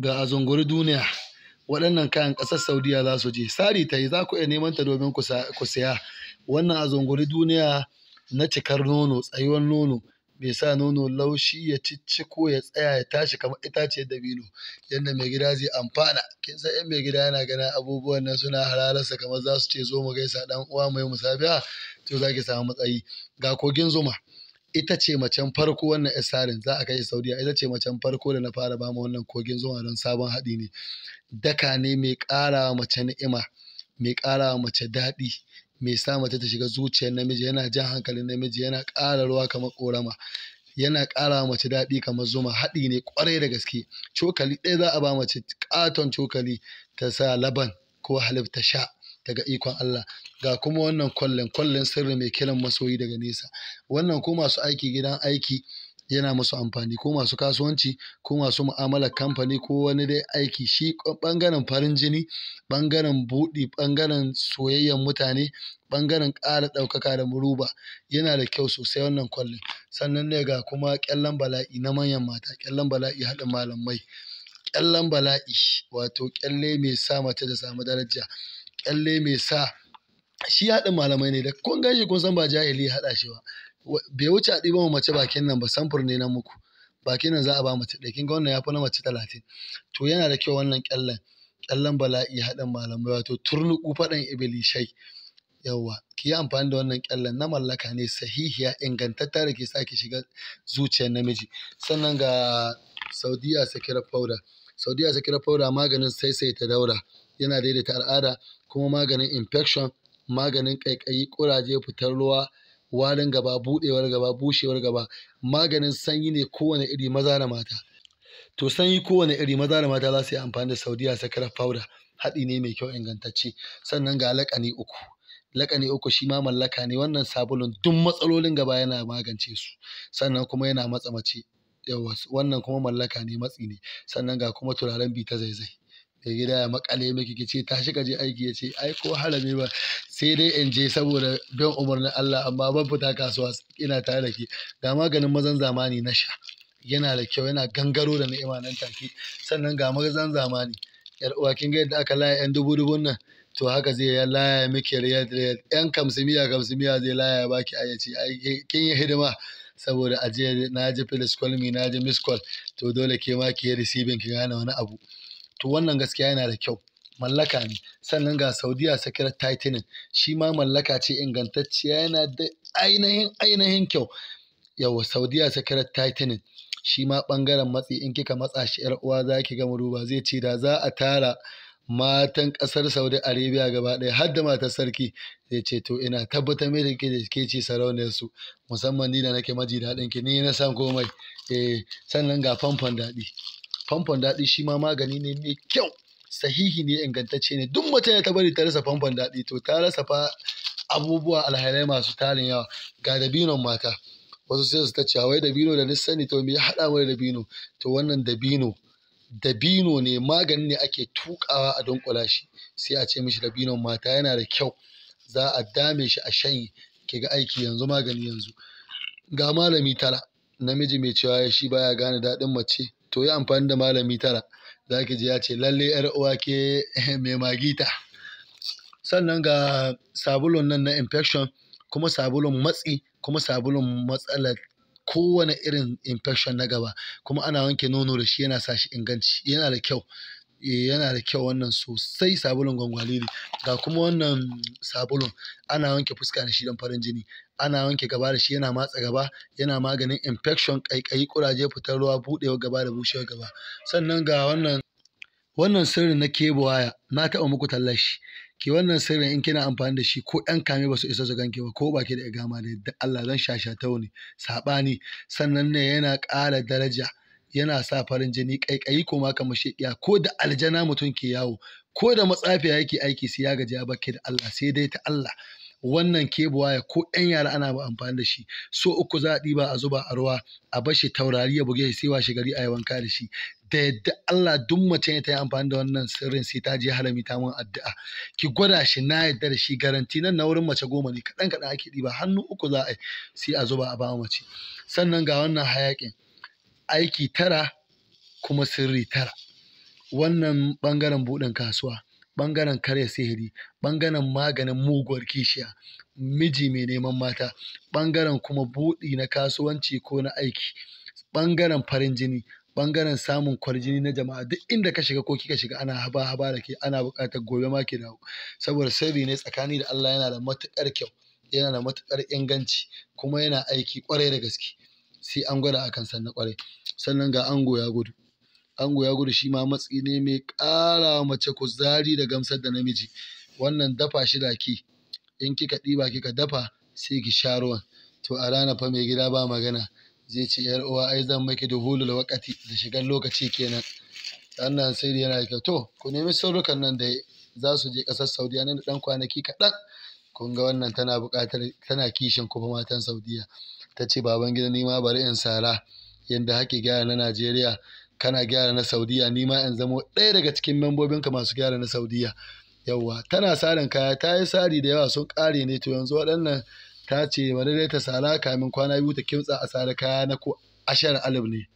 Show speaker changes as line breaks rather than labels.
ga zunguri duniya waɗannan kayan ƙasar saudiya za su je sari ta yi za ku iya neman ta domin ku saya?" wannan a zunguri duniya na cikar nono tsayuwar nono bai sa nono laushi ya cicci ko ya tsaya ya tashi kamar ce dabino yadda mai gida zai amfana kin san yan mai gida yana gana abubuwan nan suna halararsa, kamar za su ce zo mu gaisa dan uwa mai musabiya to za ki samu matsayi ga kogin zuma ita ce macen farko wannan isarin za a kai saudiya ita ce macen farko da na fara ba mu wannan kogin zuwa don sabon haɗi ne daka ne mai ƙara mace ni'ima mai ƙara mace daɗi mai sa mace ta shiga zuciyar namiji yana jan hankalin namiji yana ƙara ruwa kamar ƙorama yana ƙara mace daɗi kamar zuma haɗi ne ƙwarai da gaske cokali ɗaya za a ba mace ƙaton cokali ta sa laban ko halif ta sha daga ikon Allah ga kuma wannan kwallon kwallon sirri mai kiran masoyi daga nesa wannan ko masu aiki gidan aiki yana musu amfani ko masu kasuwanci ko masu mu'amalar kamfani ko wani dai aiki shi bangaren farin jini bangaren buɗi bangaren soyayyen mutane bangaren ƙara ɗaukaka da muruba yana da kyau sosai wannan kwallon sannan ne ga kuma ƙyallen bala'i na manyan mata ƙyallen bala'i haɗin malamai ƙyallen bala'i wato ƙyalle mai sa mace ta samu daraja kyalle mai sa shi haɗin malamai ne da kun gan shi kun san ba jahili ya haɗa shi ba bai wuce a ɗiban mace bakin nan ba samfur ne na muku bakin nan za a ba mace ɗaya kin ga wannan ya fi na mace talatin to yana da kyau wannan kyallen kyallen bala'i haɗin malamai wato turnuku faɗan ibilishai yauwa ki yi amfani da wannan ƙyallen na mallaka ne sahihiya ingantatta da ke sa ki shiga zuciyar namiji sannan ga saudiya sakirar powder saudiya sakirar powder maganin saisaita daura yana daidaita al'ada kuma maganin infection maganin kaikayi kuraje fitar ruwa warin gaba buɗewar gaba bushewar gaba maganin sanyi ne kowane iri maza da mata to sanyi kowane iri maza da mata za su yi amfani da saudiya sakirar fauda haɗi ne mai kyau ingantacce sannan ga laƙani uku laƙani uku shi ma mallaka ne wannan sabulun duk matsalolin gaba yana magance su sannan kuma yana matsa mace yawa wannan kuma mallaka ne matsi ne sannan ga kuma turaren bi ta zaizai da gida ya makale miki ki ce ta ka je aiki ya ce ai ko harami ba sai dai in je saboda bin umarnin Allah amma ban fita kasuwa ina tare da ke ga maganin mazan zamani na sha yana da kyau yana gangaro da ni'ima nan take sannan ga mazan zamani yar uwa kin ga yadda aka laya yan dubu dubun nan to haka zai ya laya miki riyad riyad yan kamsimiya kamsimiya zai laya baki a yace ai kin yi hidima saboda a je na ji filis na ji miss call to dole ke ma ke receiving ki gane wani abu to wannan gaskiya yana da kyau mallaka ne sannan ga saudiya sakirar titanin shi ma mallaka ce ingantacciya yana da ainihin ainihin kyau yawa saudiya sakirar titanin shi ma ɓangaren matsi in kika matsa shi yar uwa za ki gama duba zai ce da za a tara matan ƙasar saudi arabia gaba ɗaya har da matar sarki zai ce to ina tabbatar mai da ke da ke sarauniyar su musamman ni da nake maji daɗin ki ni na san komai eh sannan ga famfon daɗi famfon daɗi shi ma magani ne mai kyau sahihi ne ingantacce ne duk mace ya ta bari ta rasa famfon daɗi to ta rasa fa abubuwa alhalai masu tarin yawa ga dabinon mata wasu sai su ta ce wai dabino da ni sani to me ya haɗa mai dabino to wannan dabino dabino ne magani ne ake tuƙawa a dunkula shi sai a ce mishi dabinon mata yana da kyau za a dame shi a shanye ki ga aiki yanzu magani yanzu ga malami tara namiji mai cewa ya shi baya gane daɗin mace to yi amfani da malami tara za ki ji ya ce lalle yar uwa ke mai magita sannan ga sabulun nan na infection kuma sabulun matsi kuma sabulun matsalar kowane irin infection na gaba kuma ana wanke nono da shi yana sa shi inganci yana da kyau eh, yana da kyau wannan sosai sabulun gwangwaliri ga kuma wannan sabulun ana wanke fuska da shi don farin jini ana wanke gaba da shi yana matsa gaba yana maganin infection ƙaiƙayi kuraje fitar ruwa gaba da bushewar gaba sannan ga wannan wannan sirri na kebo waya na taɓa muku tallar shi. ki wannan sirrin in kina amfani da shi ko ɗan kame ba su isa su ganke ba ko ba ki da igama da yadda Allah zan shashatau ne saɓani sannan ne yana ƙara daraja yana sa farin jini ƙaiƙayi ko ma kamar sheƙiya ko da aljana mutum ke yawo ko da matsafiya yake aiki sai ya gaji ya bakke da Allah sai dai ta Allah wannan kebuwa ko 'yan yara ana amfani da shi so uku za a ɗiba a zuba a ruwa a bashi taurari ya buge shi sai washe gari a yi wanka da shi da yadda Allah duk mace ta yi amfani da wannan sirrin sai ta je harami ta mun addu'a ki gwada shi na yadda da shi garanti nan na wurin mace goma ne kaɗan kaɗan ake ɗiba hannu uku za a yi sai a zuba a ba mace sannan ga wannan hayaƙin aiki tara kuma sirri tara wannan ɓangaren buɗin kasuwa ɓangaren karya sihiri ɓangaren maganin muguwar kishiya miji mai neman mata ɓangaren kuma buɗi na kasuwanci ko na aiki ɓangaren farin jini ɓangaren samun kwarjini na jama'a duk inda ka shiga ko kika shiga ana haba haba da ke ana buƙatar gobe ma ke dawo saboda sirri ne tsakani da Allah yana da matuƙar kyau yana da matuƙar inganci kuma yana aiki ƙwarai da gaske sai an gwada akan sannan ƙwarai sannan ga ango ya gudu ango ya gudu shi ma matsi ne mai ƙara mace kuzari da gamsar da namiji wannan dafa shi da ke in kika ɗiba kika dafa sai ki sha ruwan to a rana fa mai gida ba magana zai ce yar uwa ai zan maki da hulul wakati da shigar lokaci kenan wannan sai yana da kyau to ku nemi sirrukan nan da za su je ƙasar saudiya nan da ɗan kwanaki kaɗan kun ga wannan tana buƙatar tana kishin kuma matan saudiya ta ce baban gida ni ma bari in sara yadda hake gyara na najeriya kana gyara na saudiya ni ma in zamo ɗaya daga cikin membobinka masu gyara na saudiya yawwa tana sarin kaya ta yi sari da yawa sun kare ne to yanzu waɗannan ta ce bari dai ta sara kamin kwana biyu ta kimtsa a sara kaya na ko ashirin alif ne